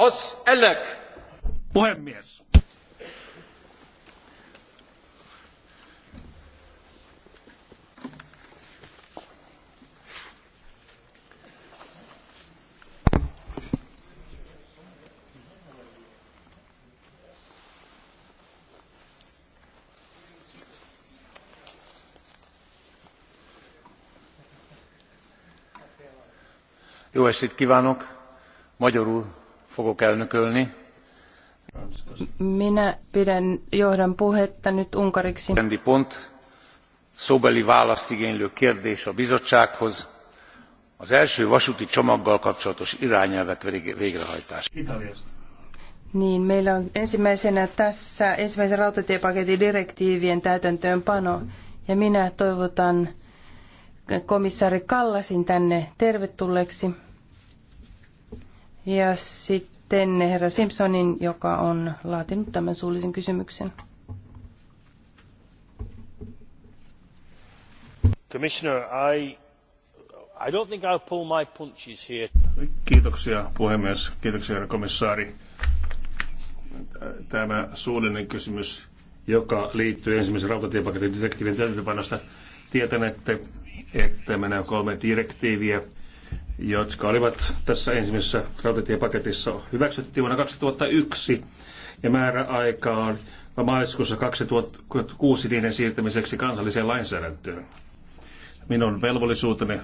Az Puhemies! Jó estét kívánok! Magyarul minä pidän johdan puhetta nyt unkariksi. Rendi pont, szóbeli választ igénylő kérdés a bizottsághoz, az első vasúti csomaggal kapcsolatos irányelvek végrehajtása. Italiasta. Niin, meillä on ensimmäisenä tässä ensimmäisen rautatiepaketin direktiivien täytäntöönpano. Ja minä toivotan komissaari Kallasin tänne tervetulleeksi. Ja sitten herra Simpsonin, joka on laatinut tämän suullisen kysymyksen. Commissioner, I, I don't think I'll pull my punches here. Kiitoksia puhemies, kiitoksia herra komissaari. Tämä suullinen kysymys, joka liittyy ensimmäisen rautatiepaketin direktiivin täytäntöpanosta. tietän, että, että nämä kolme direktiiviä jotka olivat tässä ensimmäisessä rautatiepaketissa hyväksyttiin vuonna 2001 ja määräaika on maaliskuussa 2006 niiden siirtämiseksi kansalliseen lainsäädäntöön. Minun velvollisuuteni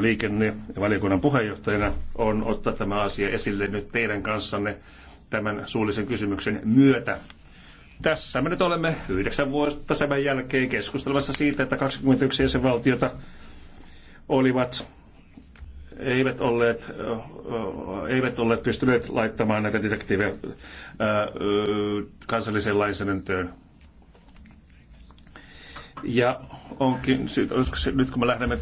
liikennevaliokunnan puheenjohtajana on ottaa tämä asia esille nyt teidän kanssanne tämän suullisen kysymyksen myötä. Tässä me nyt olemme yhdeksän vuotta sen jälkeen keskustelemassa siitä, että 21 jäsenvaltiota olivat eivät olleet, eivät olleet pystyneet laittamaan näitä direktiivejä kansalliseen lainsäädäntöön. Ja onkin syytä, nyt kun me lähdemme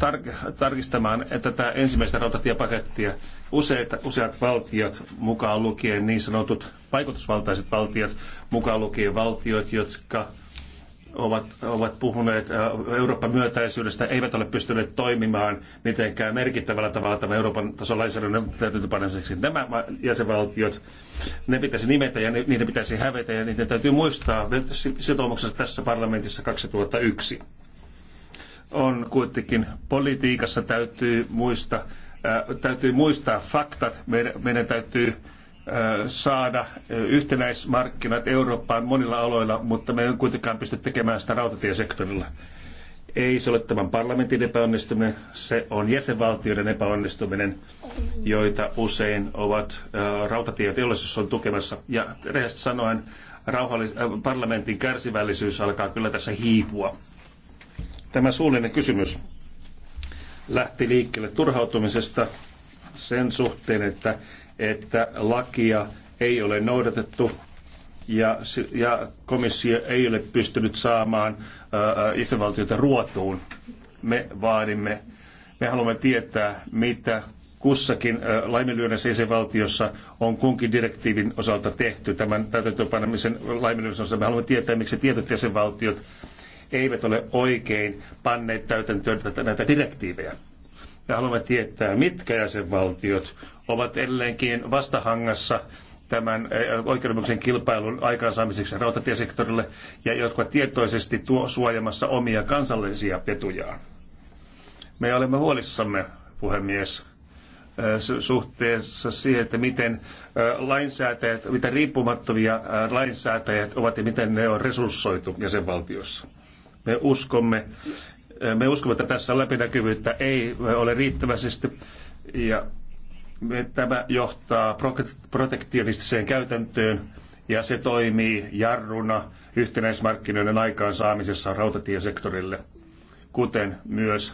tarkistamaan tätä ensimmäistä rautatiepakettia, useat, useat valtiot, mukaan lukien niin sanotut vaikutusvaltaiset valtiot, mukaan lukien valtiot, jotka ovat, ovat puhuneet äh, Euroopan myötäisyydestä, eivät ole pystyneet toimimaan mitenkään merkittävällä tavalla tämän Euroopan tason lainsäädännön täytäntöpanemiseksi. Nämä jäsenvaltiot, ne pitäisi nimetä ja niiden pitäisi hävetä ja niiden täytyy muistaa sitoumuksensa tässä parlamentissa 2001. On kuitenkin politiikassa täytyy muistaa, äh, täytyy muistaa faktat, meidän, meidän täytyy saada yhtenäismarkkinat Eurooppaan monilla aloilla, mutta me ei kuitenkaan pysty tekemään sitä rautatiesektorilla. Ei se ole tämän parlamentin epäonnistuminen, se on jäsenvaltioiden epäonnistuminen, joita usein ovat rautatieteollisuus on tukemassa. Ja rehellisesti sanoen, rauhallis- parlamentin kärsivällisyys alkaa kyllä tässä hiipua. Tämä suullinen kysymys lähti liikkeelle turhautumisesta sen suhteen, että että lakia ei ole noudatettu ja, ja komissio ei ole pystynyt saamaan ää, isävaltiota ruotuun. Me vaadimme, me haluamme tietää, mitä kussakin laiminlyönnässä jäsenvaltiossa on kunkin direktiivin osalta tehty tämän täytäntöönpanemisen laiminlyönnissä osalta. Me haluamme tietää, miksi tietyt jäsenvaltiot eivät ole oikein panneet täytäntöön näitä direktiivejä ja haluamme tietää, mitkä jäsenvaltiot ovat edelleenkin vastahangassa tämän eh, oikeudenmukaisen kilpailun aikaansaamiseksi rautatiesektorille ja jotka tietoisesti tuo suojamassa omia kansallisia petujaan. Me olemme huolissamme, puhemies, eh, suhteessa siihen, että miten eh, lainsäätäjät, mitä riippumattomia lainsäätäjät ovat ja miten ne on resurssoitu jäsenvaltiossa. Me uskomme me uskomme, että tässä läpinäkyvyyttä ei ole riittävästi ja tämä johtaa protektionistiseen käytäntöön ja se toimii jarruna yhtenäismarkkinoiden aikaansaamisessa rautatiesektorille, kuten myös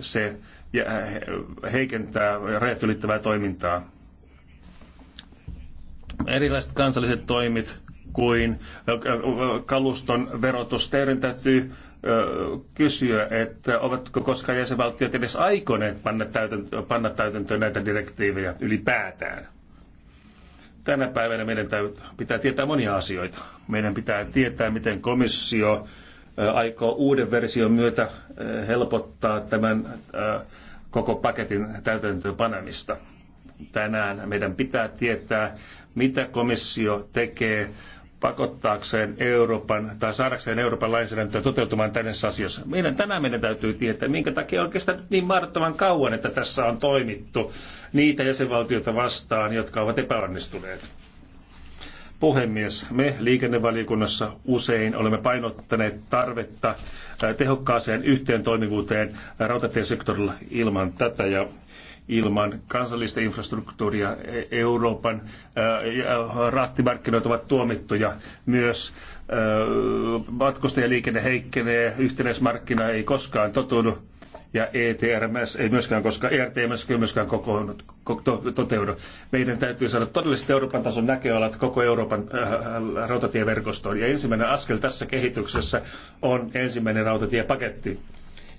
se heikentää rajat ylittävää toimintaa. Erilaiset kansalliset toimit kuin kaluston verotus. Teidän kysyä, että ovatko koskaan jäsenvaltiot edes aikoneet panna täytäntö, panna täytäntöön näitä direktiivejä ylipäätään. Tänä päivänä meidän pitää tietää monia asioita. Meidän pitää tietää, miten komissio aikoo uuden version myötä helpottaa tämän koko paketin täytäntöönpanemista. Tänään meidän pitää tietää, mitä komissio tekee pakottaakseen Euroopan tai saadakseen Euroopan lainsäädäntöä toteutumaan tässä asiassa. Meidän, tänään meidän täytyy tietää, minkä takia on kestänyt niin mahdottoman kauan, että tässä on toimittu niitä jäsenvaltioita vastaan, jotka ovat epäonnistuneet. Puhemies, me liikennevaliokunnassa usein olemme painottaneet tarvetta äh, tehokkaaseen yhteentoimivuuteen rautatiesektorilla ilman tätä ja ilman kansallista infrastruktuuria. E- Euroopan rahtimarkkinoita ovat tuomittuja myös. Matkustajaliikenne heikkenee, yhtenäismarkkina ei koskaan totunut ja ETRMS ei myöskään koskaan, ERTMS ei myöskään koko toteudu. Meidän täytyy saada todelliset Euroopan tason näköalat koko Euroopan äh, rautatieverkostoon. Ja ensimmäinen askel tässä kehityksessä on ensimmäinen rautatiepaketti.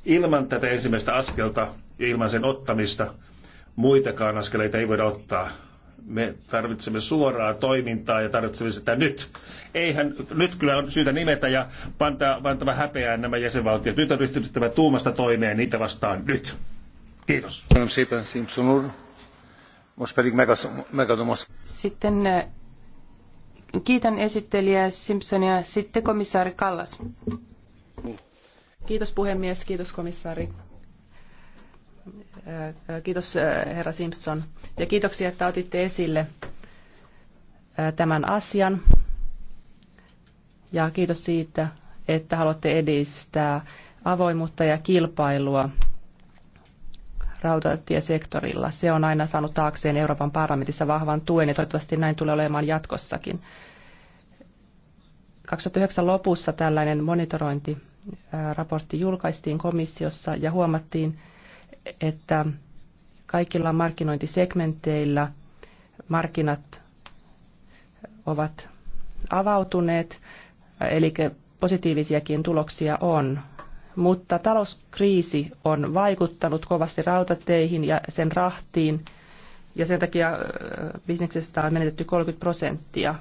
Ilman tätä ensimmäistä askelta ja ilman sen ottamista muitakaan askeleita ei voida ottaa. Me tarvitsemme suoraa toimintaa ja tarvitsemme sitä nyt. Eihän, nyt kyllä on syytä nimetä ja pantaa, pantava häpeään nämä jäsenvaltiot. Nyt on ryhtynyttävä tuumasta toimeen niitä vastaan nyt. Kiitos. Sitten eh, kiitän esittelijää Simpsonia. Sitten komissaari Kallas. Kiitos puhemies, kiitos komissaari Kiitos herra Simpson ja kiitoksia, että otitte esille tämän asian. Ja kiitos siitä, että haluatte edistää avoimuutta ja kilpailua rautatiesektorilla. Se on aina saanut taakseen Euroopan parlamentissa vahvan tuen ja toivottavasti näin tulee olemaan jatkossakin. 2009 lopussa tällainen monitorointiraportti julkaistiin komissiossa ja huomattiin, että kaikilla markkinointisegmenteillä markkinat ovat avautuneet, eli positiivisiakin tuloksia on. Mutta talouskriisi on vaikuttanut kovasti rautateihin ja sen rahtiin, ja sen takia bisneksestä on menetetty 30 prosenttia.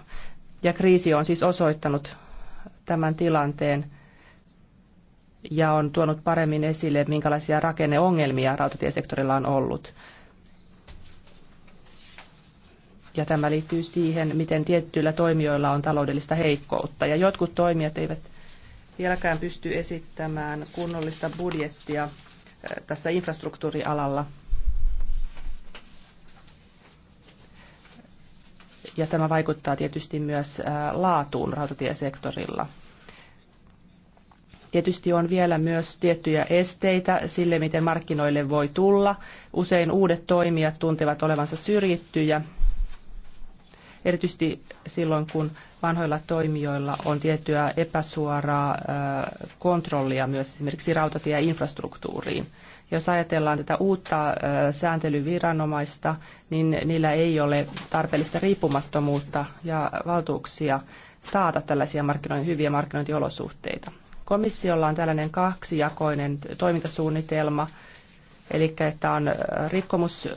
Ja kriisi on siis osoittanut tämän tilanteen ja on tuonut paremmin esille, minkälaisia rakenneongelmia rautatiesektorilla on ollut. Ja tämä liittyy siihen, miten tiettyillä toimijoilla on taloudellista heikkoutta. Ja jotkut toimijat eivät vieläkään pysty esittämään kunnollista budjettia eh, tässä infrastruktuurialalla. Ja tämä vaikuttaa tietysti myös eh, laatuun rautatiesektorilla. Tietysti on vielä myös tiettyjä esteitä sille, miten markkinoille voi tulla. Usein uudet toimijat tuntevat olevansa syrjittyjä, erityisesti silloin, kun vanhoilla toimijoilla on tiettyä epäsuoraa kontrollia myös esimerkiksi rautatieinfrastruktuuriin. Jos ajatellaan tätä uutta sääntelyviranomaista, niin niillä ei ole tarpeellista riippumattomuutta ja valtuuksia taata tällaisia markkinoin, hyviä markkinointiolosuhteita. Komissiolla on tällainen kaksijakoinen toimintasuunnitelma, eli että on rikkomus,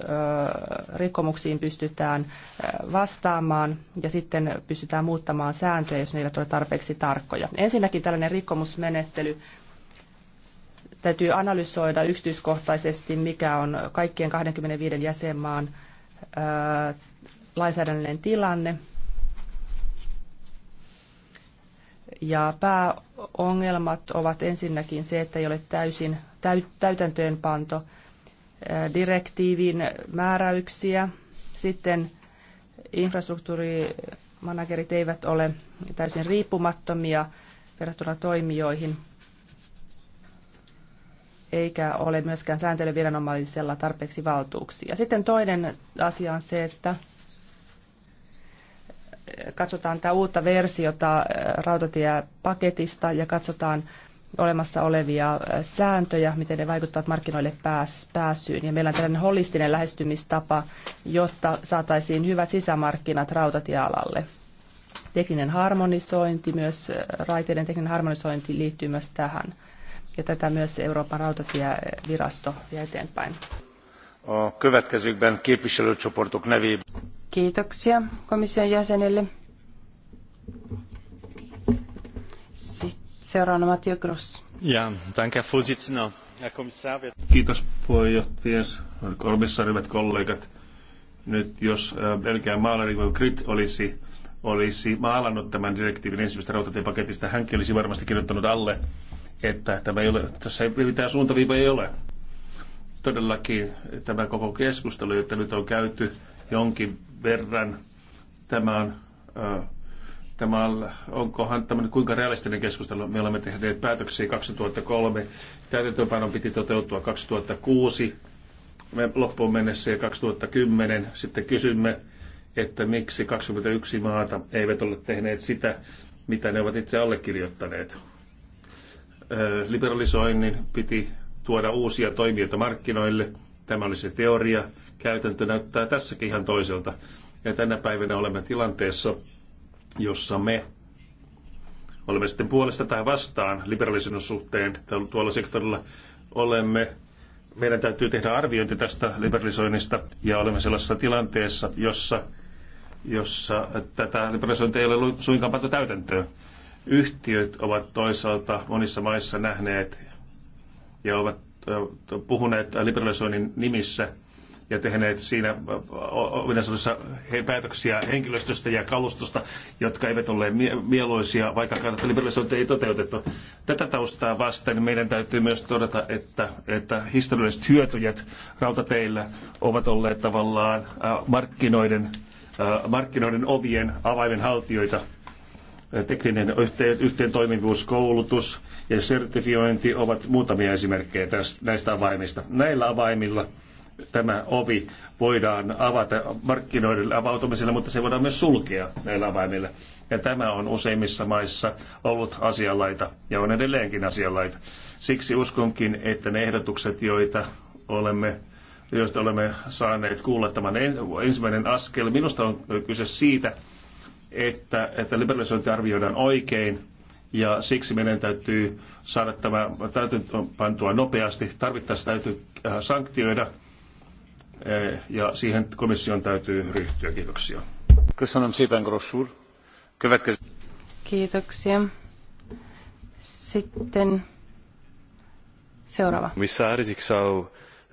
rikkomuksiin pystytään vastaamaan ja sitten pystytään muuttamaan sääntöjä, jos ne eivät ole tarpeeksi tarkkoja. Ensinnäkin tällainen rikkomusmenettely täytyy analysoida yksityiskohtaisesti, mikä on kaikkien 25 jäsenmaan lainsäädännöllinen tilanne Ja pääongelmat ovat ensinnäkin se, että ei ole täysin täytäntöönpanto direktiivin määräyksiä. Sitten infrastruktuurimanagerit eivät ole täysin riippumattomia verrattuna toimijoihin, eikä ole myöskään sääntelyviranomaisella tarpeeksi valtuuksia. Sitten toinen asia on se, että katsotaan tämä uutta versiota äh, rautatiepaketista ja katsotaan olemassa olevia äh, sääntöjä, miten ne vaikuttavat markkinoille pääs, pääsyyn. Ja meillä on tällainen holistinen lähestymistapa, jotta saataisiin hyvät sisämarkkinat rautatiealalle. Tekninen harmonisointi, myös äh, raiteiden tekninen harmonisointi liittyy myös tähän. Ja tätä myös Euroopan rautatievirasto vie eteenpäin. A következőkben képviselőcsoportok nevében. Kiitoksia komission jäsenelle. Seuraavana Mathieu Gross. Ja, danke, Vorsitzender. Kiitos puheenjohtaja, komissaari, hyvät kollegat. Nyt jos äh, Belgian maalari Krit olisi, olisi maalannut tämän direktiivin ensimmäisestä rautatiepaketista, hänkin olisi varmasti kirjoittanut alle, että tämä ei ole, tässä ei mitään suuntaviiva ei ole. Todellakin tämä koko keskustelu, jota nyt on käyty jonkin verran. Tämä on, tämä on onkohan tämmöinen kuinka realistinen keskustelu. Me olemme tehneet päätöksiä 2003, täytäntöönpanon piti toteutua 2006, me loppuun mennessä ja 2010. Sitten kysymme, että miksi 21 maata eivät ole tehneet sitä, mitä ne ovat itse allekirjoittaneet. Liberalisoinnin piti tuoda uusia toimijoita markkinoille. Tämä oli se teoria, käytäntö näyttää tässäkin ihan toiselta. Ja tänä päivänä olemme tilanteessa, jossa me olemme sitten puolesta tai vastaan liberalisoinnin suhteen tuolla sektorilla olemme meidän täytyy tehdä arviointi tästä liberalisoinnista ja olemme sellaisessa tilanteessa, jossa, jossa tätä liberalisointia ei ole suinkaan pantu täytäntöön. Yhtiöt ovat toisaalta monissa maissa nähneet ja ovat puhuneet liberalisoinnin nimissä – ja tehneet siinä ominaisuudessa päätöksiä henkilöstöstä ja kalustosta, jotka eivät ole mieluisia, vaikka liberalisointi ei toteutettu. Tätä taustaa vasten meidän täytyy myös todeta, että, että historialliset hyötyjät rautateillä ovat olleet tavallaan markkinoiden, markkinoiden ovien avaimen haltijoita tekninen yhteen, yhteen toimivuus, koulutus ja sertifiointi ovat muutamia esimerkkejä tästä, näistä avaimista. Näillä avaimilla tämä ovi voidaan avata markkinoiden avautumisella, mutta se voidaan myös sulkea näillä avaimilla. Ja tämä on useimmissa maissa ollut asianlaita ja on edelleenkin asianlaita. Siksi uskonkin, että ne ehdotukset, joita olemme joista olemme saaneet kuulla tämän ensimmäinen askel. Minusta on kyse siitä, että, että liberalisointi arvioidaan oikein ja siksi meidän täytyy saada tämä täytäntöön pantua nopeasti. Tarvittaessa täytyy äh, sanktioida Eh, ja siihen komission täytyy ryhtyä. Kiitoksia. Kiitoksia. Sitten seuraava. Commissaris, ik zou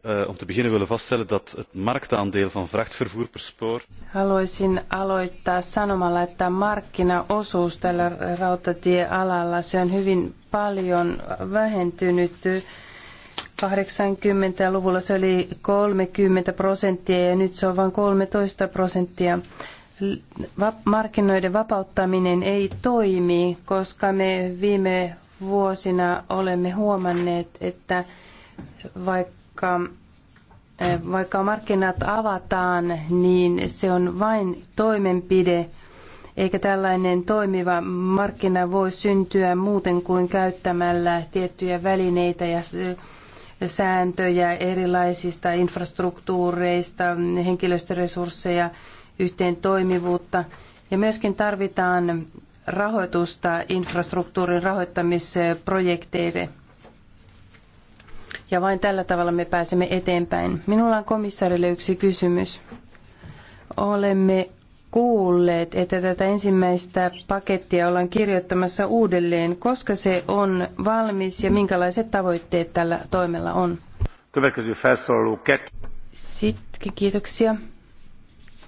eh, om te beginnen willen vaststellen dat het marktaandeel van vrachtvervoer per spoor. Haluaisin aloittaa sanomalla, että markkinaosuus tällä rautatiealalla se on hyvin paljon vähentynyt 80-luvulla se oli 30 prosenttia ja nyt se on vain 13 prosenttia. Markkinoiden vapauttaminen ei toimi, koska me viime vuosina olemme huomanneet, että vaikka, eh, vaikka markkinat avataan, niin se on vain toimenpide, eikä tällainen toimiva markkina voi syntyä muuten kuin käyttämällä tiettyjä välineitä ja sääntöjä erilaisista infrastruktuureista, henkilöstöresursseja, yhteen toimivuutta ja myöskin tarvitaan rahoitusta infrastruktuurin rahoittamisprojekteille. Ja vain tällä tavalla me pääsemme eteenpäin. Minulla on komissaarille yksi kysymys. Olemme kuulleet, että tätä ensimmäistä pakettia ollaan kirjoittamassa uudelleen. Koska se on valmis ja minkälaiset tavoitteet tällä toimella on? Sitten kiitoksia.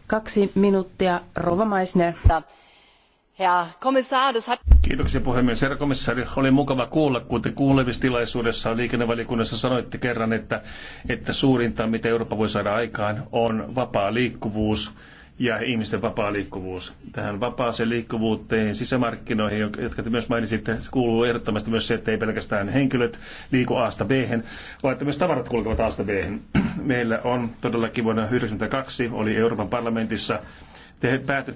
Kaksi minuuttia, Rova Meissner. Kiitoksia puhemies. Herra komissaari, oli mukava kuulla, kun te kuulemistilaisuudessa liikennevaliokunnassa sanoitte kerran, että, että suurinta, mitä Eurooppa voi saada aikaan, on vapaa liikkuvuus ja ihmisten vapaa liikkuvuus. Tähän vapaaseen liikkuvuuteen, sisämarkkinoihin, jotka te myös mainitsitte, kuuluu ehdottomasti myös se, että ei pelkästään henkilöt liiku Asta b vaan että myös tavarat kulkevat Asta b Meillä on todellakin vuonna 1992 oli Euroopan parlamentissa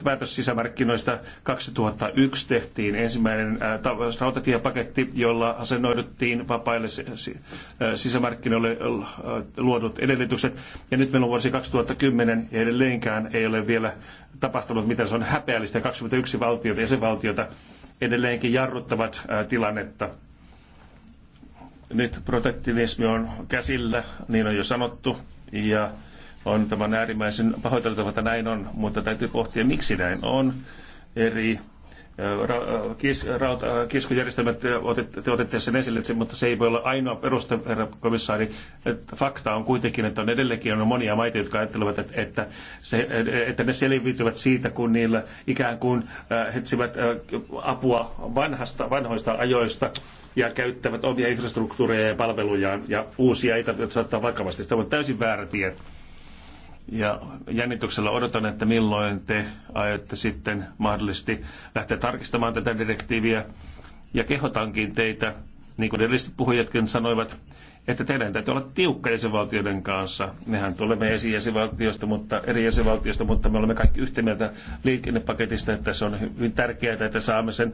päätös sisämarkkinoista 2001 tehtiin ensimmäinen rautatiepaketti, jolla asennoiduttiin vapaille sisämarkkinoille luodut edellytykset. Ja nyt meillä on vuosi 2010 ja edelleenkään ei ole vielä tapahtunut mitään. Se on häpeällistä. 21 valtiota, jäsenvaltiota edelleenkin jarruttavat tilannetta nyt protektionismi on käsillä, niin on jo sanottu, ja on tämä äärimmäisen pahoiteltava, että näin on, mutta täytyy pohtia, miksi näin on. Eri ra- kis- rauta- otet, te otette sen esille, mutta se ei voi olla ainoa peruste, herra komissaari. Että fakta on kuitenkin, että on edelleenkin on monia maita, jotka ajattelevat, että, että, se, että ne selviytyvät siitä, kun niillä ikään kuin hetsivät apua vanhasta, vanhoista ajoista ja käyttävät omia infrastruktuureja ja palvelujaan ja uusia ei tarvitse ottaa vakavasti. Tämä on täysin väärä tieto. Ja jännityksellä odotan, että milloin te aiotte sitten mahdollisesti lähteä tarkistamaan tätä direktiiviä. Ja kehotankin teitä, niin kuin edelliset puhujatkin sanoivat, että teidän täytyy olla tiukka jäsenvaltioiden kanssa. Mehän tulemme esi jäsenvaltiosta, mutta eri jäsenvaltiosta, mutta me olemme kaikki yhtä mieltä liikennepaketista, että se on hyvin tärkeää, että saamme sen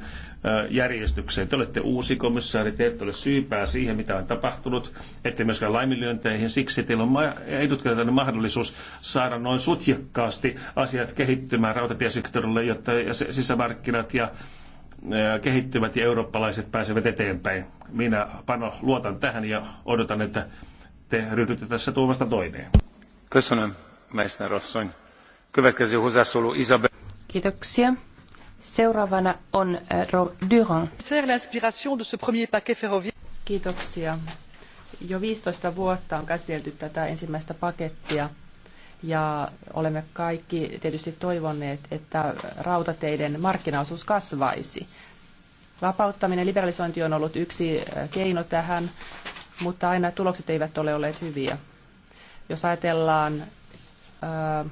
järjestykseen. Te olette uusi komissaari, te ette ole syypää siihen, mitä on tapahtunut, ette myöskään laiminlyönteihin. Siksi teillä on edutkertainen mahdollisuus saada noin sutjekkaasti asiat kehittymään rautatiesektorille, jotta sisämarkkinat ja Äh, kehittyvät ja eurooppalaiset pääsevät eteenpäin. Minä pano luotan tähän ja odotan, että te ryhdytte tässä tuomasta toimeen. Köszönöm, Meissner asszony. Következő hozzászóló Isabel. Kiitoksia. Seuraavana on äh, Rob Durand. Kiitoksia. Jo 15 vuotta on käsitelty tätä ensimmäistä pakettia ja olemme kaikki tietysti toivoneet, että rautateiden markkinaosuus kasvaisi. Vapauttaminen, liberalisointi on ollut yksi keino tähän, mutta aina tulokset eivät ole olleet hyviä. Jos ajatellaan ää,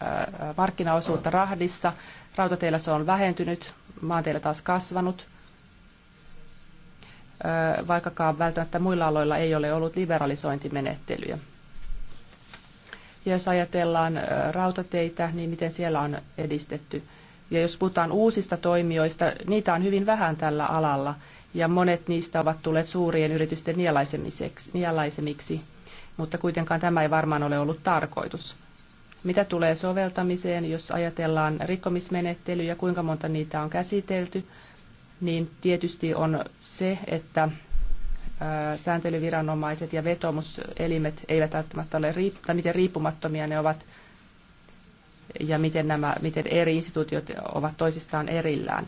ää, markkinaosuutta rahdissa, rautateillä se on vähentynyt, maanteillä taas kasvanut, ää, vaikkakaan välttämättä muilla aloilla ei ole ollut liberalisointimenettelyjä. Ja jos ajatellaan rautateitä, niin miten siellä on edistetty. Ja jos puhutaan uusista toimijoista, niitä on hyvin vähän tällä alalla. Ja monet niistä ovat tulleet suurien yritysten nielaisemiksi. Mutta kuitenkaan tämä ei varmaan ole ollut tarkoitus. Mitä tulee soveltamiseen, jos ajatellaan rikkomismenettelyjä, kuinka monta niitä on käsitelty, niin tietysti on se, että sääntelyviranomaiset ja vetomuselimet eivät välttämättä ole, tai miten riippumattomia ne ovat ja miten, nämä, miten eri instituutiot ovat toisistaan erillään.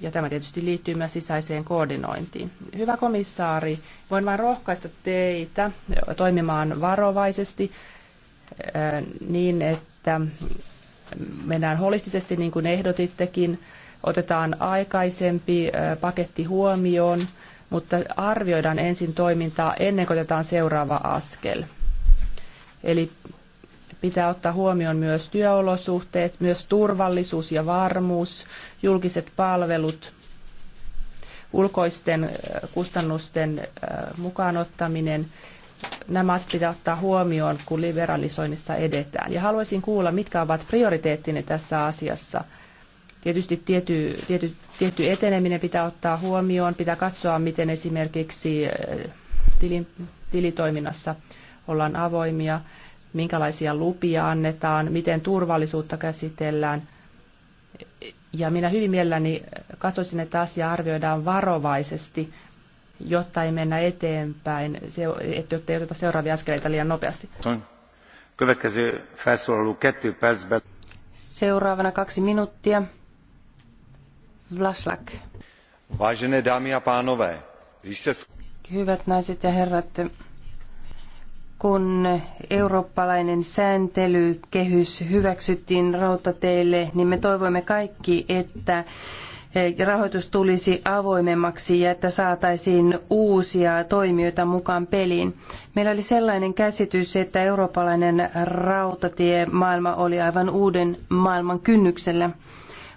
Ja tämä tietysti liittyy myös sisäiseen koordinointiin. Hyvä komissaari, voin vain rohkaista teitä toimimaan varovaisesti niin, että mennään holistisesti niin kuin ehdotittekin, otetaan aikaisempi paketti huomioon mutta arvioidaan ensin toimintaa ennen kuin otetaan seuraava askel. Eli pitää ottaa huomioon myös työolosuhteet, myös turvallisuus ja varmuus, julkiset palvelut, ulkoisten kustannusten mukaanottaminen. Nämä asiat pitää ottaa huomioon, kun liberalisoinnissa edetään. Ja haluaisin kuulla, mitkä ovat prioriteettine tässä asiassa – Tietysti tietty, tietty, tietty eteneminen pitää ottaa huomioon, pitää katsoa, miten esimerkiksi eh, tili, tilitoiminnassa ollaan avoimia, minkälaisia lupia annetaan, miten turvallisuutta käsitellään. Ja minä hyvin mielelläni katsoisin, että asia arvioidaan varovaisesti, jotta ei mennä eteenpäin, jotta ei oteta seuraavia askeleita liian nopeasti. Seuraavana kaksi minuuttia. Vlaslak. Vážené dámy a pánové, Hyvät naiset ja herrat, kun eurooppalainen sääntelykehys hyväksyttiin rautateille, niin me toivoimme kaikki, että e, rahoitus tulisi avoimemmaksi ja että saataisiin uusia toimijoita mukaan peliin. Meillä oli sellainen käsitys, että eurooppalainen maailma oli aivan uuden maailman kynnyksellä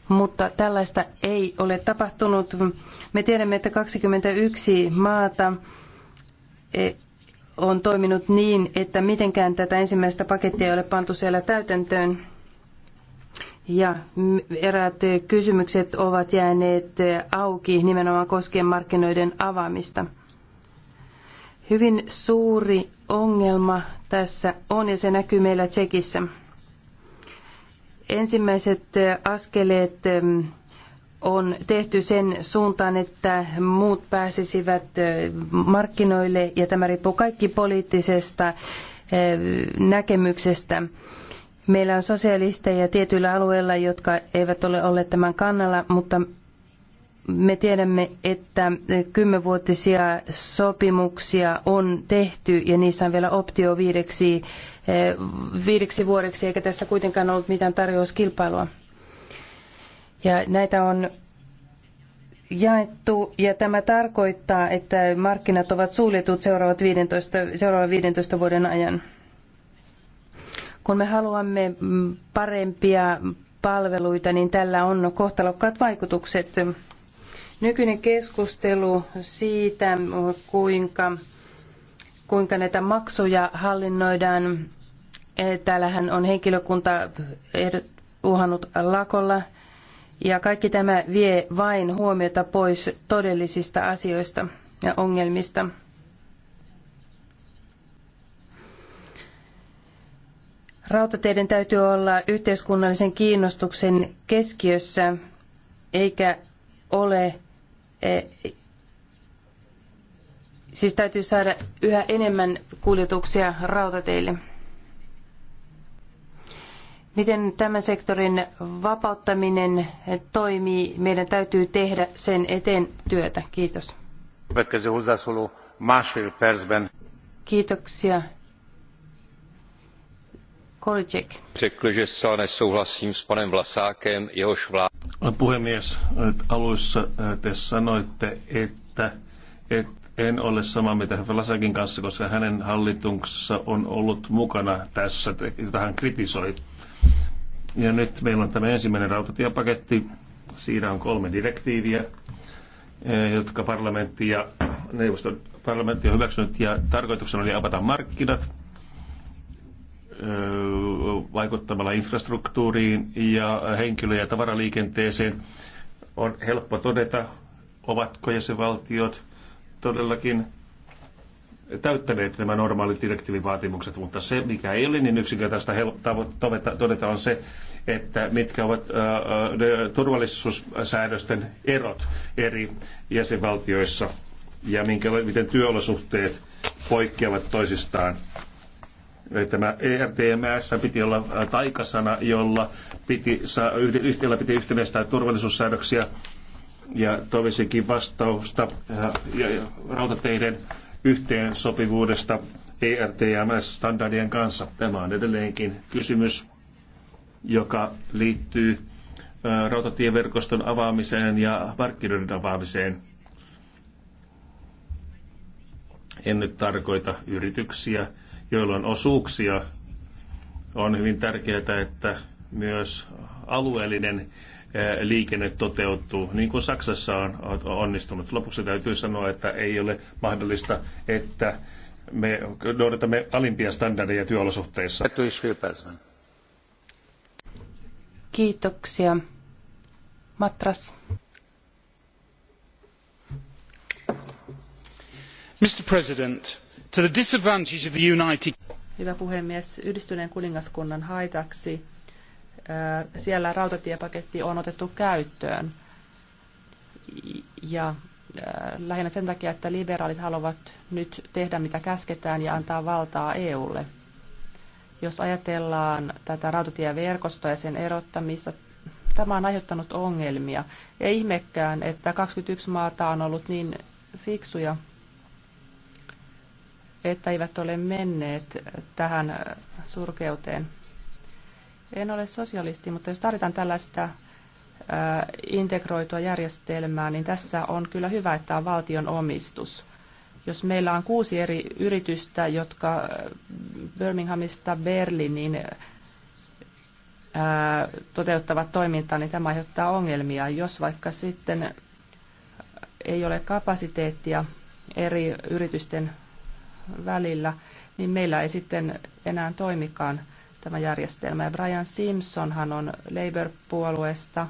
mutta tällaista ei ole tapahtunut. Me tiedämme, että 21 maata e, on toiminut niin, että mitenkään tätä ensimmäistä pakettia ei ole pantu siellä täytäntöön. Ja eräät kysymykset ovat jääneet auki nimenomaan koskien markkinoiden avaamista. Hyvin suuri ongelma tässä on ja se näkyy meillä Tsekissä. Ensimmäiset eh, askeleet eh, on tehty sen suuntaan, että muut pääsisivät eh, markkinoille ja tämä riippuu kaikki poliittisesta näkemyksestä. Meillä on sosialisteja tietyillä alueilla, jotka eivät ole olleet tämän kannalla, mutta me tiedämme, että kymmenvuotisia sopimuksia on tehty ja niissä on vielä optio viideksi, eh, viideksi vuodeksi, eikä tässä kuitenkaan ollut mitään tarjouskilpailua. Ja näitä on jaettu ja tämä tarkoittaa, että markkinat ovat suljetut seuraavat 15, seuraavan 15 vuoden ajan. Kun me haluamme parempia palveluita, niin tällä on kohtalokkaat vaikutukset Nykyinen keskustelu siitä, kuinka, kuinka näitä maksuja hallinnoidaan, e, täällähän on henkilökunta uhannut lakolla, ja kaikki tämä vie vain huomiota pois todellisista asioista ja ongelmista. Rautateiden täytyy olla yhteiskunnallisen kiinnostuksen keskiössä, eikä ole E, siis täytyy saada yhä enemmän kuljetuksia rautateille. Miten tämän sektorin vapauttaminen toimii, meidän täytyy tehdä sen eteen työtä. Kiitos. Kiitoksia. Kolicek. Řekl, že zcela nesouhlasím s panem Vlasákem, jehož vláda... Puhemies, alussa te sanoitte, että, että en ole samaa mitä Vlasakin kanssa, koska hänen hallituksessa on ollut mukana tässä, jota hän kritisoi. Ja nyt meillä on tämä ensimmäinen rautatiepaketti. Siinä on kolme direktiiviä, jotka parlamentti ja neuvosto parlamentti on hyväksynyt. Ja tarkoituksena oli avata markkinat vaikuttamalla infrastruktuuriin ja henkilö- ja tavaraliikenteeseen. On helppo todeta, ovatko jäsenvaltiot todellakin täyttäneet nämä normaalit direktiivivaatimukset, mutta se, mikä ei ole niin yksinkertaista todeta, on se, että mitkä ovat ne turvallisuussäädösten erot eri jäsenvaltioissa ja minkä, miten työolosuhteet poikkeavat toisistaan tämä ERTMS piti olla taikasana, jolla piti, yhtiöllä piti yhtenäistää turvallisuussäädöksiä ja toisinkin vastausta ja, ja, ja rautateiden yhteensopivuudesta ERTMS-standardien kanssa. Tämä on edelleenkin kysymys, joka liittyy rautatieverkoston avaamiseen ja markkinoiden avaamiseen. En nyt tarkoita yrityksiä, joilla on osuuksia, on hyvin tärkeää, että myös alueellinen liikenne toteutuu, niin kuin Saksassa on onnistunut. Lopuksi täytyy sanoa, että ei ole mahdollista, että me noudatamme alimpia standardeja työolosuhteissa. Kiitoksia. Matras. Mr. President, to the disadvantage of the United Hyvä puhemies, yhdistyneen kuningaskunnan haitaksi äh, siellä rautatiepaketti on otettu käyttöön. Ja äh, lähinnä sen takia, että liberaalit haluavat nyt tehdä mitä käsketään ja antaa valtaa EUlle. Jos ajatellaan tätä rautatieverkostoa ja sen erottamista, tämä on aiheuttanut ongelmia. Ei ihmekään, että 21 maata on ollut niin fiksuja että eivät ole menneet tähän surkeuteen. En ole sosialisti, mutta jos tarvitaan tällaista integroitua järjestelmää, niin tässä on kyllä hyvä, että on valtion omistus. Jos meillä on kuusi eri yritystä, jotka Birminghamista Berliiniin toteuttavat toimintaa, niin tämä aiheuttaa ongelmia. Jos vaikka sitten ei ole kapasiteettia eri yritysten välillä, niin meillä ei sitten enää toimikaan tämä järjestelmä. Ja Brian Simpsonhan on Labour-puolueesta,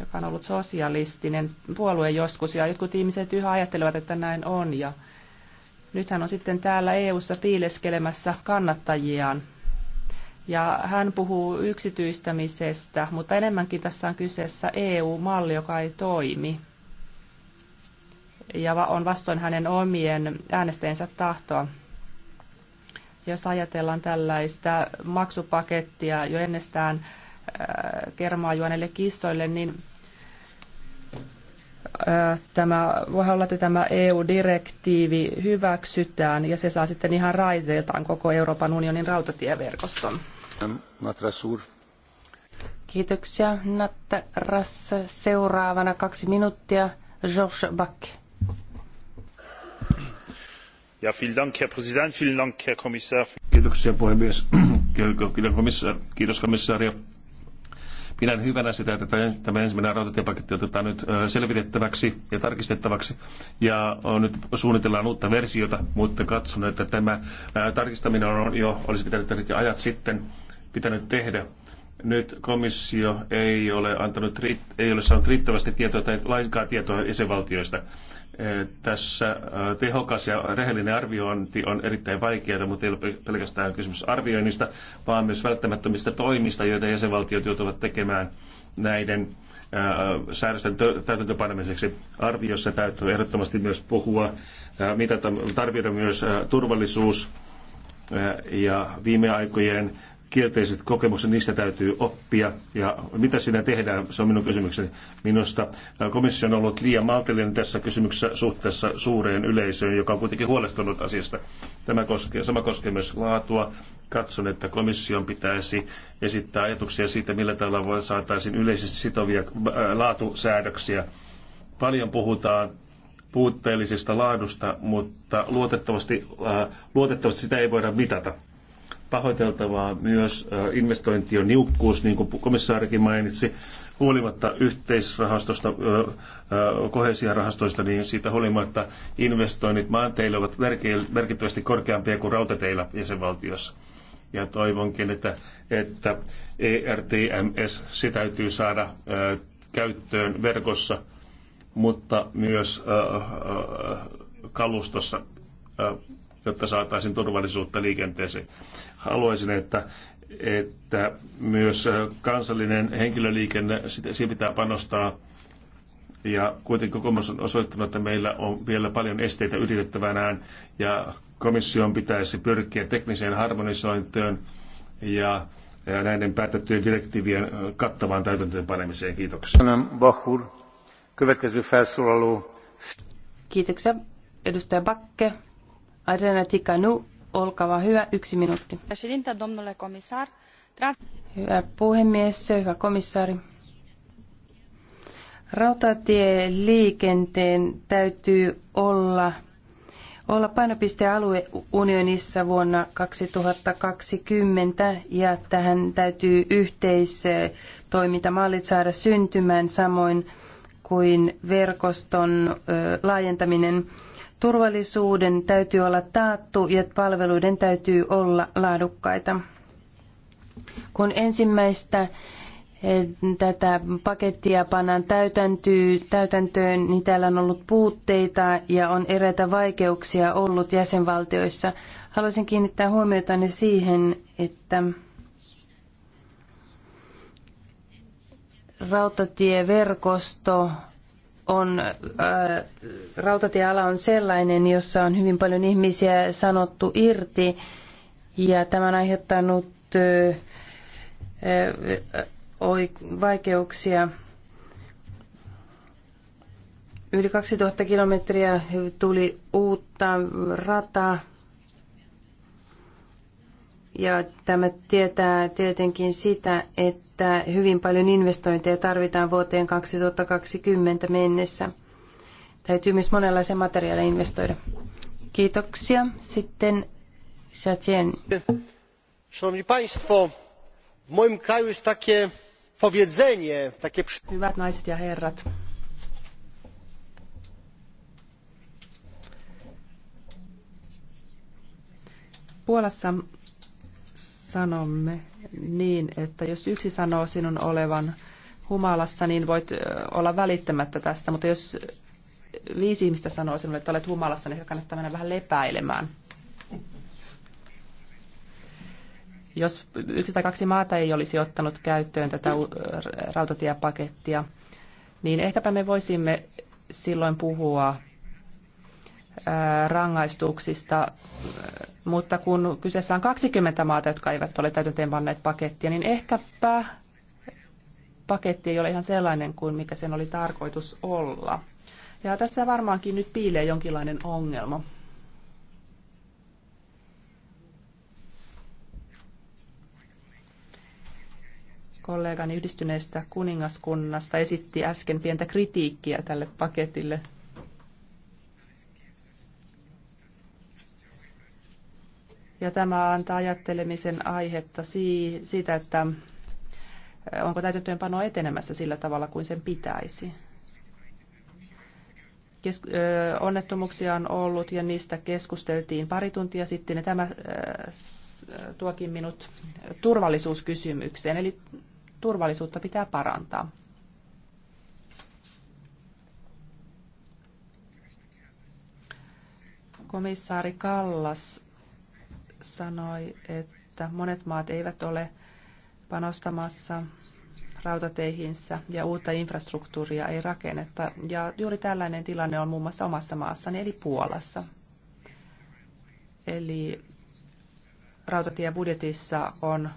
joka on ollut sosialistinen puolue joskus, ja jotkut ihmiset yhä ajattelevat, että näin on, ja nythän on sitten täällä EU-ssa piileskelemässä kannattajiaan. Ja hän puhuu yksityistämisestä, mutta enemmänkin tässä on kyseessä EU-malli, joka ei toimi ja on vastoin hänen omien äänestäjensä tahtoa. Jos ajatellaan tällaista maksupakettia jo ennestään äh, kermaa juoneille kissoille, niin äh, tämä, voi olla, että tämä EU-direktiivi hyväksytään ja se saa sitten ihan raiteiltaan koko Euroopan unionin rautatieverkoston. Ähm, Kiitoksia. Natta Rassa. Seuraavana kaksi minuuttia. Georges Bakke herr präsident vielen dank herr kommissar! kiitos komissaari. pidän hyvänä sitä että tämä ensimmäinen rautatiepaketti otetaan nyt selvitettäväksi ja tarkistettavaksi ja nyt suunnitellaan uutta versiota mutta katson että tämä tarkistaminen on jo olisi pitänyt jo ajat sitten pitänyt tehdä nyt komissio ei ole, antanut, ei ole saanut riittävästi tietoa tai lainkaan tietoa jäsenvaltioista. Eh, tässä eh, tehokas ja rehellinen arviointi on erittäin vaikeaa, mutta ei ole pelkästään kysymys arvioinnista, vaan myös välttämättömistä toimista, joita jäsenvaltiot joutuvat tekemään näiden eh, säädösten täytäntöpanemiseksi. Arviossa täytyy ehdottomasti myös puhua, mitä tarvitaan myös turvallisuus ja viime aikojen kielteiset kokemukset, niistä täytyy oppia. Ja mitä siinä tehdään, se on minun kysymykseni. Minusta komissio on ollut liian maltillinen tässä kysymyksessä suhteessa suureen yleisöön, joka on kuitenkin huolestunut asiasta. Tämä koskee, sama koskee myös laatua. Katson, että komission pitäisi esittää ajatuksia siitä, millä tavalla saataisiin yleisesti sitovia laatusäädöksiä. Paljon puhutaan puutteellisesta laadusta, mutta luotettavasti, luotettavasti sitä ei voida mitata pahoiteltavaa myös investointien niukkuus, niin kuin komissaarikin mainitsi, huolimatta yhteisrahastosta, kohesiarahastoista, niin siitä huolimatta investoinnit maanteille ovat merkittävästi korkeampia kuin rautateillä jäsenvaltiossa. Ja toivonkin, että, että ERTMS, se täytyy saada käyttöön verkossa, mutta myös kalustossa jotta saataisiin turvallisuutta liikenteeseen haluaisin, että, että myös kansallinen henkilöliikenne, siihen pitää panostaa. Ja kuitenkin kokoomus on osoittanut, että meillä on vielä paljon esteitä yritettävänään ja komission pitäisi pyrkiä tekniseen harmonisointiin ja näiden päätettyjen direktiivien kattavaan täytäntöönpanemiseen. Kiitoksia. Kiitoksia. Edustaja Bakke, Arena Tikanu Olkaa hyvä, yksi minuutti. Hyvä puhemies, hyvä komissaari. Rautatieliikenteen täytyy olla, olla painopistealue unionissa vuonna 2020 ja tähän täytyy yhteistoimintamallit saada syntymään samoin kuin verkoston laajentaminen Turvallisuuden täytyy olla taattu ja palveluiden täytyy olla laadukkaita. Kun ensimmäistä eh, tätä pakettia pannaan täytäntöön, niin täällä on ollut puutteita ja on eräitä vaikeuksia ollut jäsenvaltioissa. Haluaisin kiinnittää huomiota siihen, että rautatieverkosto on, äh, rautatieala on sellainen, jossa on hyvin paljon ihmisiä sanottu irti ja tämä on aiheuttanut äh, vaikeuksia. Yli 2000 kilometriä tuli uutta rataa ja tämä tietää tietenkin sitä, että hyvin paljon investointeja tarvitaan vuoteen 2020 mennessä. Täytyy myös monenlaisia materiaaleja investoida. Kiitoksia. Sitten Shatien. Szanowni Państwo, w moim kraju jest takie powiedzenie, takie... Hyvät naiset ja herrat. Puolassa sanomme niin, että jos yksi sanoo sinun olevan humalassa, niin voit olla välittämättä tästä, mutta jos viisi ihmistä sanoo sinulle, että olet humalassa, niin kannattaa mennä vähän lepäilemään. Jos yksi tai kaksi maata ei olisi ottanut käyttöön tätä rautatiepakettia, niin ehkäpä me voisimme silloin puhua rangaistuksista, mutta kun kyseessä on 20 maata, jotka eivät ole panneet pakettia, niin ehkäpä paketti ei ole ihan sellainen kuin mikä sen oli tarkoitus olla. Ja tässä varmaankin nyt piilee jonkinlainen ongelma. Kollegani yhdistyneestä kuningaskunnasta esitti äsken pientä kritiikkiä tälle paketille Ja tämä antaa ajattelemisen aihetta siitä, että onko täytäntöönpano etenemässä sillä tavalla kuin sen pitäisi. Kes- ö, onnettomuuksia on ollut ja niistä keskusteltiin pari tuntia sitten ja tämä ö, tuokin minut turvallisuuskysymykseen. Eli turvallisuutta pitää parantaa. Komissaari Kallas sanoi, että monet maat eivät ole panostamassa rautateihinsä ja uutta infrastruktuuria ei rakenneta. Ja juuri tällainen tilanne on muun muassa omassa maassani, eli Puolassa. Eli rautatiebudjetissa on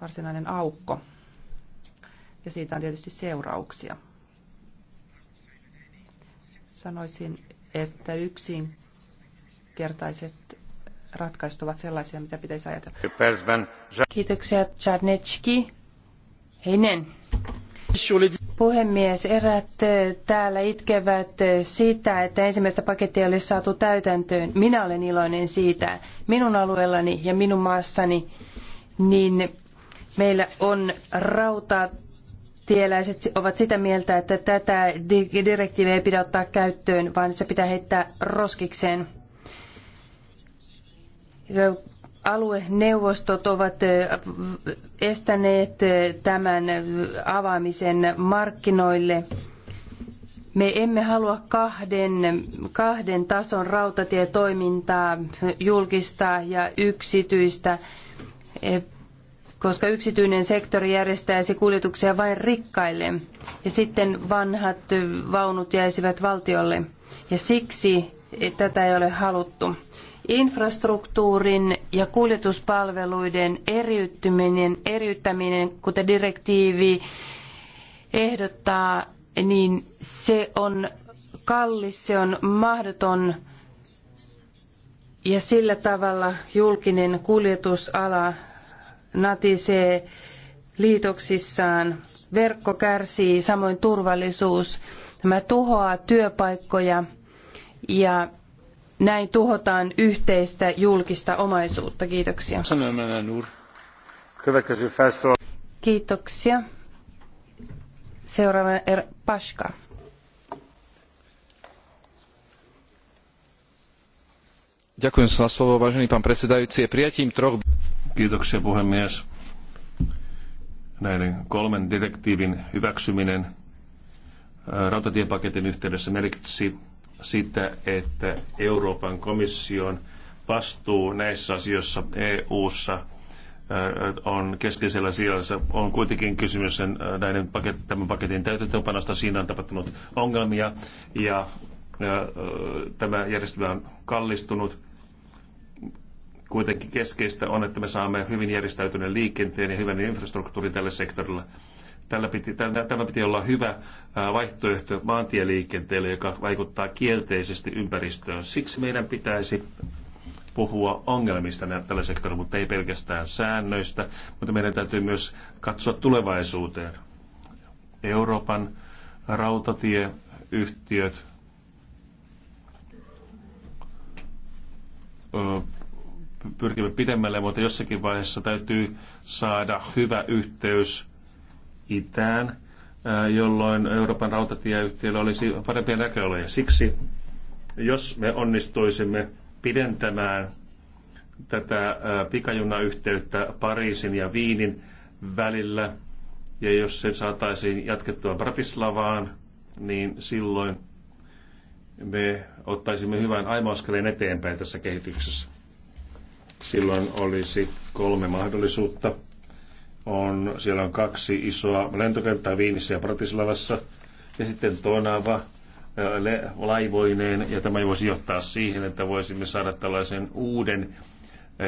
varsinainen aukko, ja siitä on tietysti seurauksia. Sanoisin, että yksinkertaiset ratkaisut ovat sellaisia, mitä pitäisi ajatella. Kiitoksia Czarnecki. Heinen. Puhemies, erät täällä itkevät sitä, että ensimmäistä pakettia ei ole saatu täytäntöön. Minä olen iloinen siitä. Minun alueellani ja minun maassani, niin meillä on rauta tieläiset ovat sitä mieltä, että tätä direktiiviä ei pidä ottaa käyttöön, vaan se pitää heittää roskikseen alueneuvostot ovat estäneet tämän avaamisen markkinoille. Me emme halua kahden, kahden tason rautatietoimintaa, julkista ja yksityistä, koska yksityinen sektori järjestäisi kuljetuksia vain rikkaille ja sitten vanhat vaunut jäisivät valtiolle. Ja siksi tätä ei ole haluttu. Infrastruktuurin ja kuljetuspalveluiden eriyttäminen, eriyttäminen kuten direktiivi ehdottaa, niin se on kallis, se on mahdoton ja sillä tavalla julkinen kuljetusala natisee liitoksissaan. Verkko kärsii, samoin turvallisuus. Tämä tuhoaa työpaikkoja ja näin tuhotaan yhteistä julkista omaisuutta. Kiitoksia. Kiitoksia. Seuraavana er Paska. Ďakujem za slovo, vážený pán predsedajúci. Prijatím troch... Kiitoksia puhemies. Näiden kolmen direktiivin hyväksyminen rautatiepaketin yhteydessä merkitsi sitä, että Euroopan komission vastuu näissä asioissa EU:ssa on keskeisellä sijassa. On kuitenkin kysymys sen, näiden paket, tämän paketin täytäntöönpanosta. Siinä on tapahtunut ongelmia ja, ja tämä järjestelmä on kallistunut. Kuitenkin keskeistä on, että me saamme hyvin järjestäytyneen liikenteen ja hyvän infrastruktuurin tällä sektorilla. Tällä piti, tällä, tällä piti olla hyvä vaihtoehto maantieliikenteelle, joka vaikuttaa kielteisesti ympäristöön. Siksi meidän pitäisi puhua ongelmista tällä sektorilla, mutta ei pelkästään säännöistä, mutta meidän täytyy myös katsoa tulevaisuuteen. Euroopan rautatieyhtiöt pyrkivät pidemmälle, mutta jossakin vaiheessa täytyy saada hyvä yhteys itään, jolloin Euroopan rautatieyhtiöllä olisi parempia näköaloja. Siksi, jos me onnistuisimme pidentämään tätä pikajunayhteyttä Pariisin ja Viinin välillä, ja jos se saataisiin jatkettua Bratislavaan, niin silloin me ottaisimme hyvän aimoaskeleen eteenpäin tässä kehityksessä. Silloin olisi kolme mahdollisuutta on, siellä on kaksi isoa lentokenttää Viinissä ja Pratislavassa. ja sitten Tonava laivoineen, ja tämä voisi johtaa siihen, että voisimme saada tällaisen uuden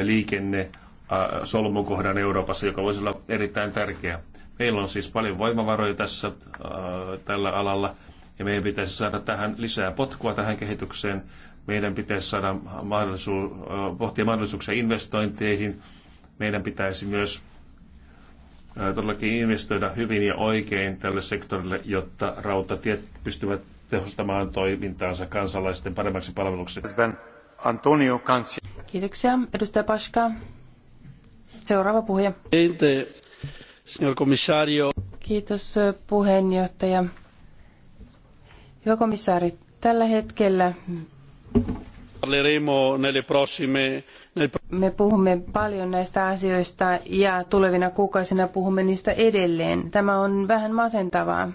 liikenne solmukohdan Euroopassa, joka voisi olla erittäin tärkeä. Meillä on siis paljon voimavaroja tässä tällä alalla, ja meidän pitäisi saada tähän lisää potkua tähän kehitykseen. Meidän pitäisi saada mahdollisuus, pohtia mahdollisuuksia investointeihin. Meidän pitäisi myös todellakin investoida hyvin ja oikein tälle sektorille, jotta rautatiet pystyvät tehostamaan toimintaansa kansalaisten paremmaksi palveluksi. Antonio Kansi. Kiitoksia. Edustaja Paska. Seuraava puhuja. Kiitos puheenjohtaja. Hyvä komissaari, tällä hetkellä me puhumme paljon näistä asioista ja tulevina kuukausina puhumme niistä edelleen. Tämä on vähän masentavaa.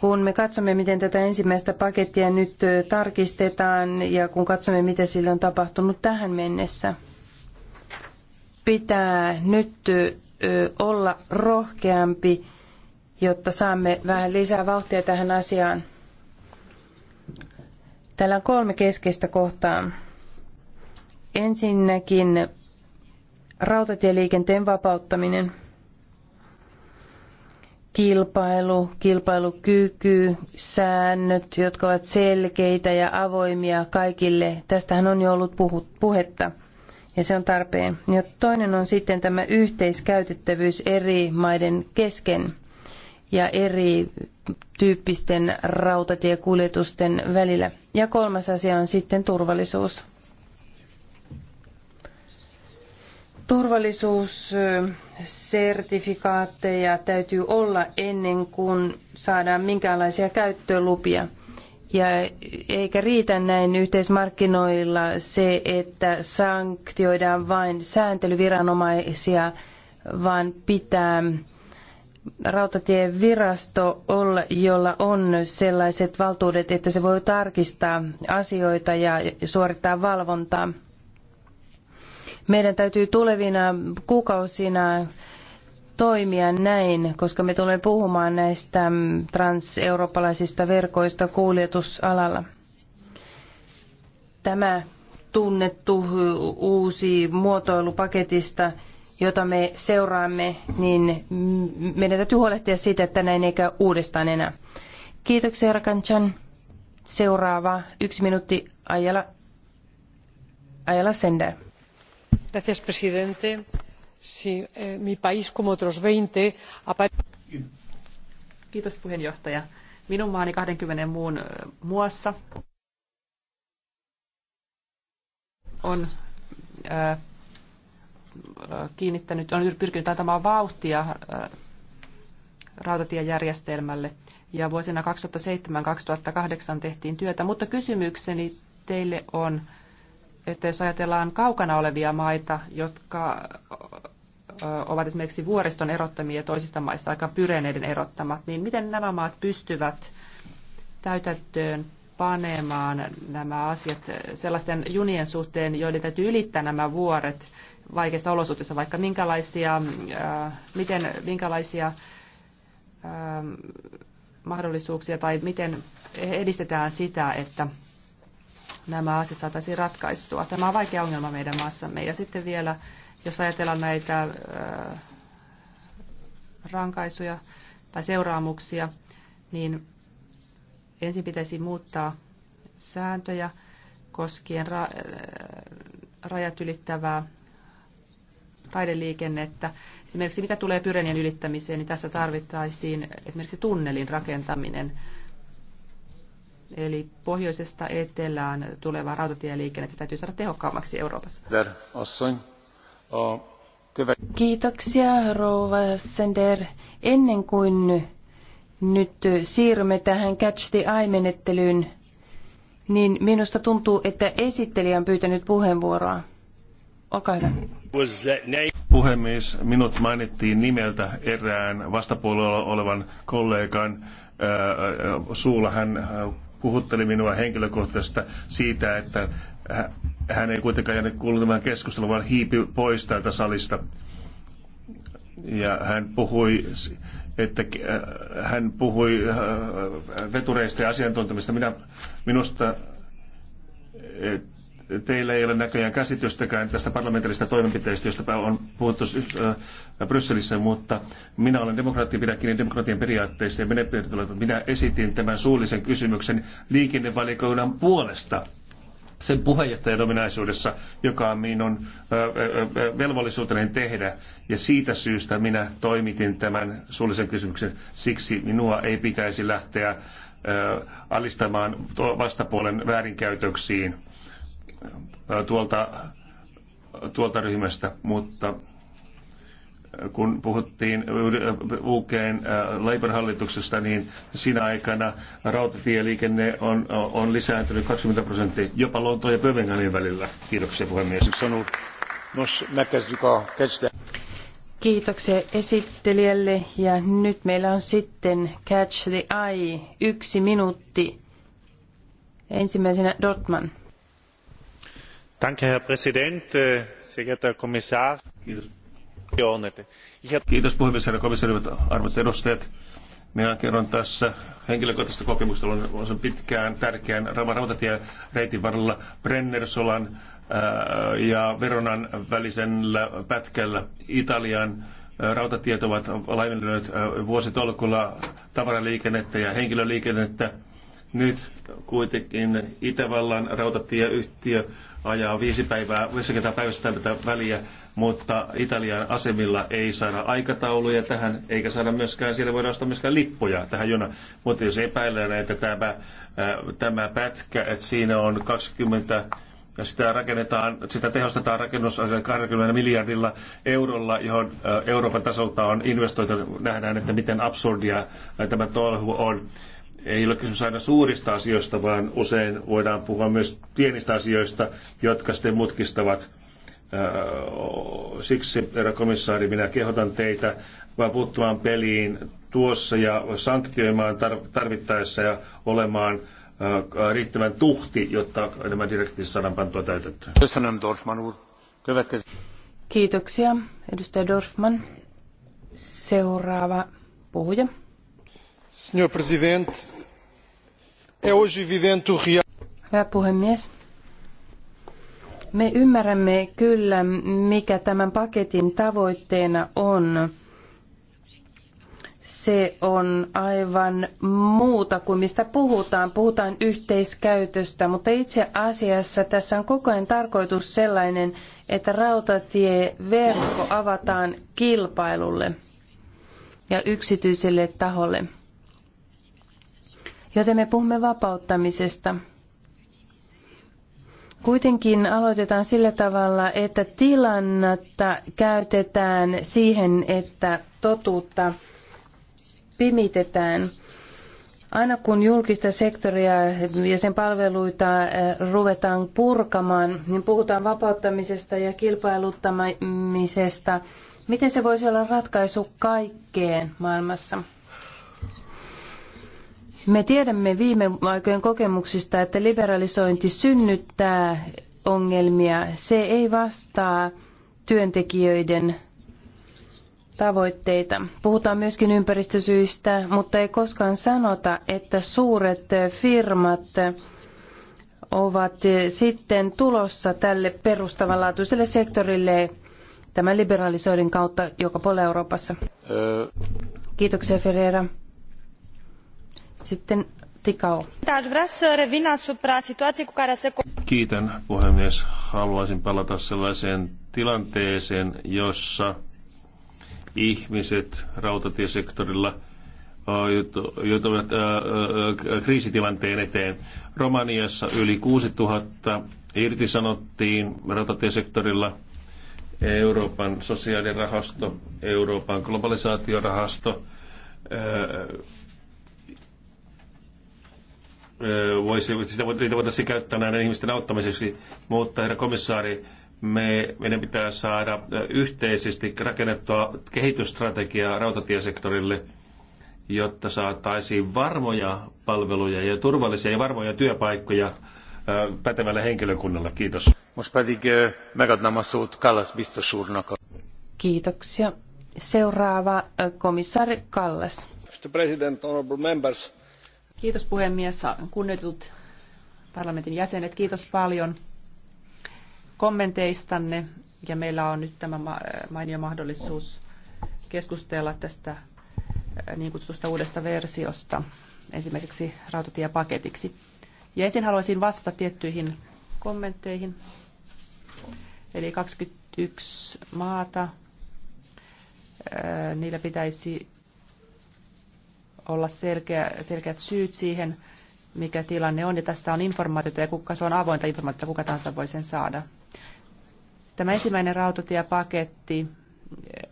Kun me katsomme, miten tätä ensimmäistä pakettia nyt tarkistetaan ja kun katsomme, mitä sille on tapahtunut tähän mennessä, pitää nyt olla rohkeampi, jotta saamme vähän lisää vauhtia tähän asiaan. Täällä on kolme keskeistä kohtaa. Ensinnäkin rautatieliikenteen vapauttaminen, kilpailu, kilpailukyky, säännöt, jotka ovat selkeitä ja avoimia kaikille. Tästähän on jo ollut puhut, puhetta ja se on tarpeen. Ja toinen on sitten tämä yhteiskäytettävyys eri maiden kesken ja eri tyyppisten rautatiekuljetusten välillä. Ja kolmas asia on sitten turvallisuus. Turvallisuussertifikaatteja täytyy olla ennen kuin saadaan minkäänlaisia käyttölupia. Ja eikä riitä näin yhteismarkkinoilla se, että sanktioidaan vain sääntelyviranomaisia, vaan pitää rautatievirasto, jolla on sellaiset valtuudet, että se voi tarkistaa asioita ja suorittaa valvontaa. Meidän täytyy tulevina kuukausina toimia näin, koska me tulemme puhumaan näistä transeurooppalaisista verkoista kuljetusalalla. Tämä tunnettu uusi muotoilupaketista paketista jota me seuraamme, niin meidän täytyy huolehtia siitä, että näin ei käy uudestaan enää. Kiitoksia, Rakanchan. Seuraava yksi minuutti Ajala, Ajala Sender. Gracias, presidente. Si, eh, mi país, como otros 20, Kiitos puheenjohtaja. Minun maani 20 muun muassa on äh, kiinnittänyt, on pyrkinyt antamaan vauhtia äh, rautatiejärjestelmälle ja vuosina 2007-2008 tehtiin työtä, mutta kysymykseni teille on, että jos ajatellaan kaukana olevia maita, jotka ovat esimerkiksi vuoriston erottamia toisista maista aika pyreneiden erottamat, niin miten nämä maat pystyvät täytäntöön panemaan nämä asiat sellaisten junien suhteen, joiden täytyy ylittää nämä vuoret vaikeissa olosuhteissa, vaikka minkälaisia, äh, miten, minkälaisia ähm, mahdollisuuksia tai miten edistetään sitä, että nämä asiat saataisiin ratkaistua. Tämä on vaikea ongelma meidän maassamme. Ja sitten vielä, jos ajatellaan näitä äh, rankaisuja tai seuraamuksia, niin ensin pitäisi muuttaa sääntöjä koskien ra- äh, rajat ylittävää raideliikennettä. Esimerkiksi mitä tulee Pyrenien ylittämiseen, niin tässä tarvittaisiin esimerkiksi tunnelin rakentaminen. Eli pohjoisesta etelään tulevaa rautatieliikennettä täytyy saada tehokkaammaksi Euroopassa. Kiitoksia, Rouva Sender. Ennen kuin nyt siirrymme tähän Catch the Eye-menettelyyn, niin minusta tuntuu, että esittelijä on pyytänyt puheenvuoroa. Olkaa hyvä. Puhemies, minut mainittiin nimeltä erään vastapuolella olevan kollegan suulla. Hän puhutteli minua henkilökohtaisesti siitä, että hän ei kuitenkaan jäänyt kuulemaan keskustelua, vaan hiipi pois täältä salista. Ja hän puhui, että hän puhui vetureista ja asiantuntemista. Minä, minusta teillä ei ole näköjään käsitystäkään tästä parlamentaarista toimenpiteistä, josta on puhuttu Brysselissä, mutta minä olen demokraatti, pidän kiinni demokratian periaatteista ja minä, minä esitin tämän suullisen kysymyksen liikennevalikoinnan puolesta sen puheenjohtajan ominaisuudessa, joka on minun velvollisuuteni tehdä. Ja siitä syystä minä toimitin tämän suullisen kysymyksen. Siksi minua ei pitäisi lähteä alistamaan vastapuolen väärinkäytöksiin tuolta, tuolta ryhmästä, mutta kun puhuttiin UKn Labour-hallituksesta, niin siinä aikana rautatieliikenne on, on lisääntynyt 20 prosenttia jopa Lontoon ja Pövenganin välillä. Kiitoksia puhemies. Kiitoksia esittelijälle ja nyt meillä on sitten Catch the Eye, yksi minuutti. Ensimmäisenä Dortman herr präsident äh, sehr geehrter herr kommissar Kiitos puhemies, herra arvoisat edustajat. Minä kerron tässä henkilökohtaisesta kokemusta. Olen sen pitkään tärkeän rautatiereitin varrella Brennersolan äh, ja Veronan välisellä pätkällä Italian äh, rautatiet ovat laiminlyöneet vuositolkulla tavaraliikennettä ja henkilöliikennettä nyt kuitenkin Itävallan rautatieyhtiö ajaa viisi päivää, 50 päivästä tätä väliä, mutta Italian asemilla ei saada aikatauluja tähän, eikä saada myöskään, siellä voida ostaa myöskään lippuja tähän jona. Mutta jos epäillään, että tämä, äh, tämä pätkä, että siinä on 20 ja sitä, rakennetaan, sitä tehostetaan rakennus 20 miljardilla eurolla, johon äh, Euroopan tasolta on investoitu. Nähdään, että miten absurdia äh, tämä tolhu on ei ole kysymys aina suurista asioista, vaan usein voidaan puhua myös pienistä asioista, jotka sitten mutkistavat. Äh, siksi, herra komissaari, minä kehotan teitä vaan puuttumaan peliin tuossa ja sanktioimaan tarvittaessa ja olemaan äh, riittävän tuhti, jotta nämä direktiivit saadaan pantua täytettyä. Kiitoksia, edustaja Dorfman. Seuraava puhuja. Hyvä puhemies. Me ymmärrämme kyllä, mikä tämän paketin tavoitteena on. Se on aivan muuta kuin mistä puhutaan. Puhutaan yhteiskäytöstä, mutta itse asiassa tässä on koko ajan tarkoitus sellainen, että rautatieverkko avataan kilpailulle ja yksityiselle taholle joten me puhumme vapauttamisesta. Kuitenkin aloitetaan sillä tavalla, että tilannetta käytetään siihen, että totuutta pimitetään. Aina kun julkista sektoria ja sen palveluita eh, ruvetaan purkamaan, niin puhutaan vapauttamisesta ja kilpailuttamisesta. Miten se voisi olla ratkaisu kaikkeen maailmassa? Me tiedämme viime aikojen kokemuksista, että liberalisointi synnyttää ongelmia. Se ei vastaa työntekijöiden tavoitteita. Puhutaan myöskin ympäristösyistä, mutta ei koskaan sanota, että suuret firmat ovat sitten tulossa tälle perustavanlaatuiselle sektorille tämän liberalisoinnin kautta joka puolella Euroopassa. Kiitoksia Ferreira. Sitten Tikao. Kiitän puhemies. Haluaisin palata sellaiseen tilanteeseen, jossa ihmiset rautatiesektorilla joutuvat kriisitilanteen eteen. Romaniassa yli 6000 irtisanottiin rautatiesektorilla Euroopan sosiaalirahasto, Euroopan globalisaatiorahasto voisi, sitä, niitä voitaisiin käyttää näiden ihmisten auttamiseksi, mutta herra komissaari, me, meidän pitää saada yhteisesti rakennettua kehitysstrategiaa rautatiesektorille, jotta saataisiin varmoja palveluja ja turvallisia ja varmoja työpaikkoja pätevällä henkilökunnalla. Kiitos. Kallas Kiitoksia. Seuraava komissaari Kallas. Mr. President, honorable members. Kiitos puhemies, kunnioitetut parlamentin jäsenet, kiitos paljon kommenteistanne ja meillä on nyt tämä mainio mahdollisuus keskustella tästä äh, niin kutsutusta uudesta versiosta ensimmäiseksi rautatiepaketiksi. Ja ensin haluaisin vastata tiettyihin kommentteihin. Eli 21 maata, äh, niillä pitäisi olla selkeä, selkeät syyt siihen, mikä tilanne on, ja tästä on informaatiota, ja kuka se on avointa informaatiota, kuka tahansa voi sen saada. Tämä ensimmäinen rautatiepaketti, eh,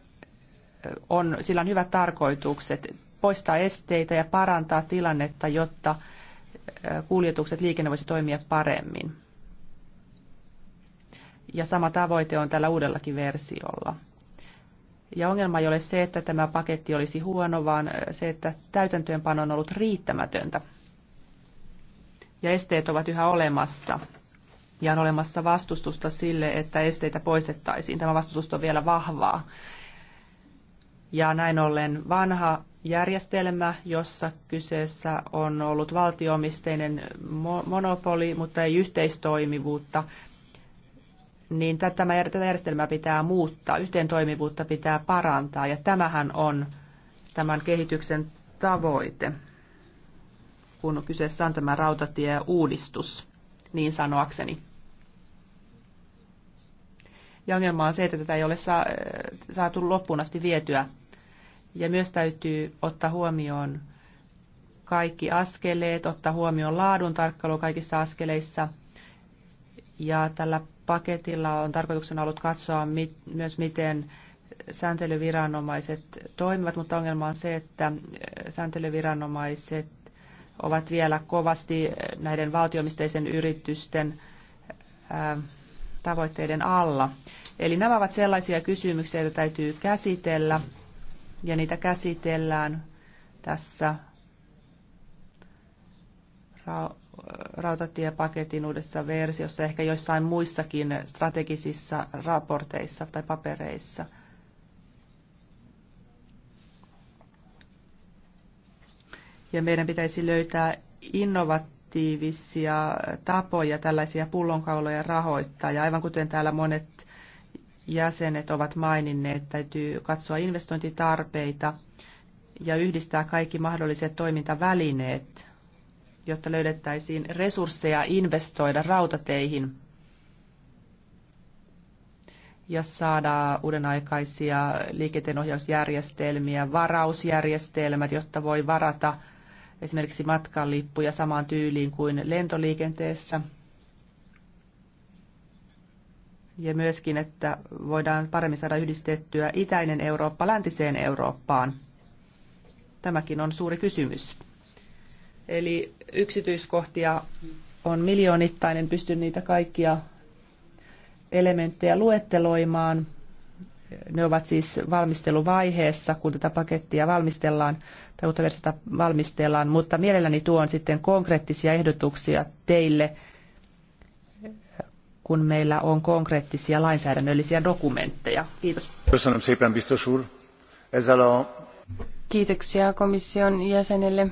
on, sillä on hyvät tarkoitukset poistaa esteitä ja parantaa tilannetta, jotta eh, kuljetukset, liikenne voisi toimia paremmin. Ja sama tavoite on tällä uudellakin versiolla. Ja ongelma ei ole se, että tämä paketti olisi huono, vaan se, että täytäntöönpano on ollut riittämätöntä. Ja esteet ovat yhä olemassa. Ja on olemassa vastustusta sille, että esteitä poistettaisiin. Tämä vastustus on vielä vahvaa. Ja näin ollen vanha järjestelmä, jossa kyseessä on ollut valtioomisteinen monopoli, mutta ei yhteistoimivuutta, niin tätä järjestelmää pitää muuttaa, yhteen toimivuutta pitää parantaa ja tämähän on tämän kehityksen tavoite, kun kyseessä on tämä rautatieuudistus, niin sanoakseni. Ja ongelma on se, että tätä ei ole äh, saatu loppuun asti vietyä. Ja myös täytyy ottaa huomioon kaikki askeleet, ottaa huomioon laadun tarkkailu kaikissa askeleissa – ja tällä paketilla on tarkoituksena ollut katsoa mit, myös, miten sääntelyviranomaiset toimivat, mutta ongelma on se, että äh, sääntelyviranomaiset ovat vielä kovasti äh, näiden valtiomisteisen yritysten äh, tavoitteiden alla. Eli nämä ovat sellaisia kysymyksiä, joita täytyy käsitellä, ja niitä käsitellään tässä rautatiepaketin uudessa versiossa, ehkä joissain muissakin strategisissa raporteissa tai papereissa. Ja meidän pitäisi löytää innovatiivisia tapoja tällaisia pullonkauloja rahoittaa. Ja aivan kuten täällä monet jäsenet ovat maininneet, täytyy katsoa investointitarpeita ja yhdistää kaikki mahdolliset toimintavälineet jotta löydettäisiin resursseja investoida rautateihin ja saada uudenaikaisia liikenteenohjausjärjestelmiä, varausjärjestelmät, jotta voi varata esimerkiksi matkanlippuja samaan tyyliin kuin lentoliikenteessä. Ja myöskin, että voidaan paremmin saada yhdistettyä itäinen Eurooppa läntiseen Eurooppaan. Tämäkin on suuri kysymys. Eli yksityiskohtia on miljoonittain, en pysty niitä kaikkia elementtejä luetteloimaan. Ne ovat siis valmisteluvaiheessa, kun tätä pakettia valmistellaan tai uutta versiota valmistellaan, mutta mielelläni tuon sitten konkreettisia ehdotuksia teille, kun meillä on konkreettisia lainsäädännöllisiä dokumentteja. Kiitos. Kiitoksia komission jäsenelle.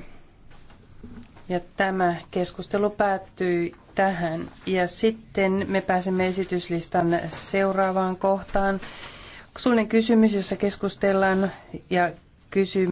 Ja tämä keskustelu päättyy tähän. Ja sitten me pääsemme esityslistan seuraavaan kohtaan. Suullinen kysymys, jossa keskustellaan ja kysymys.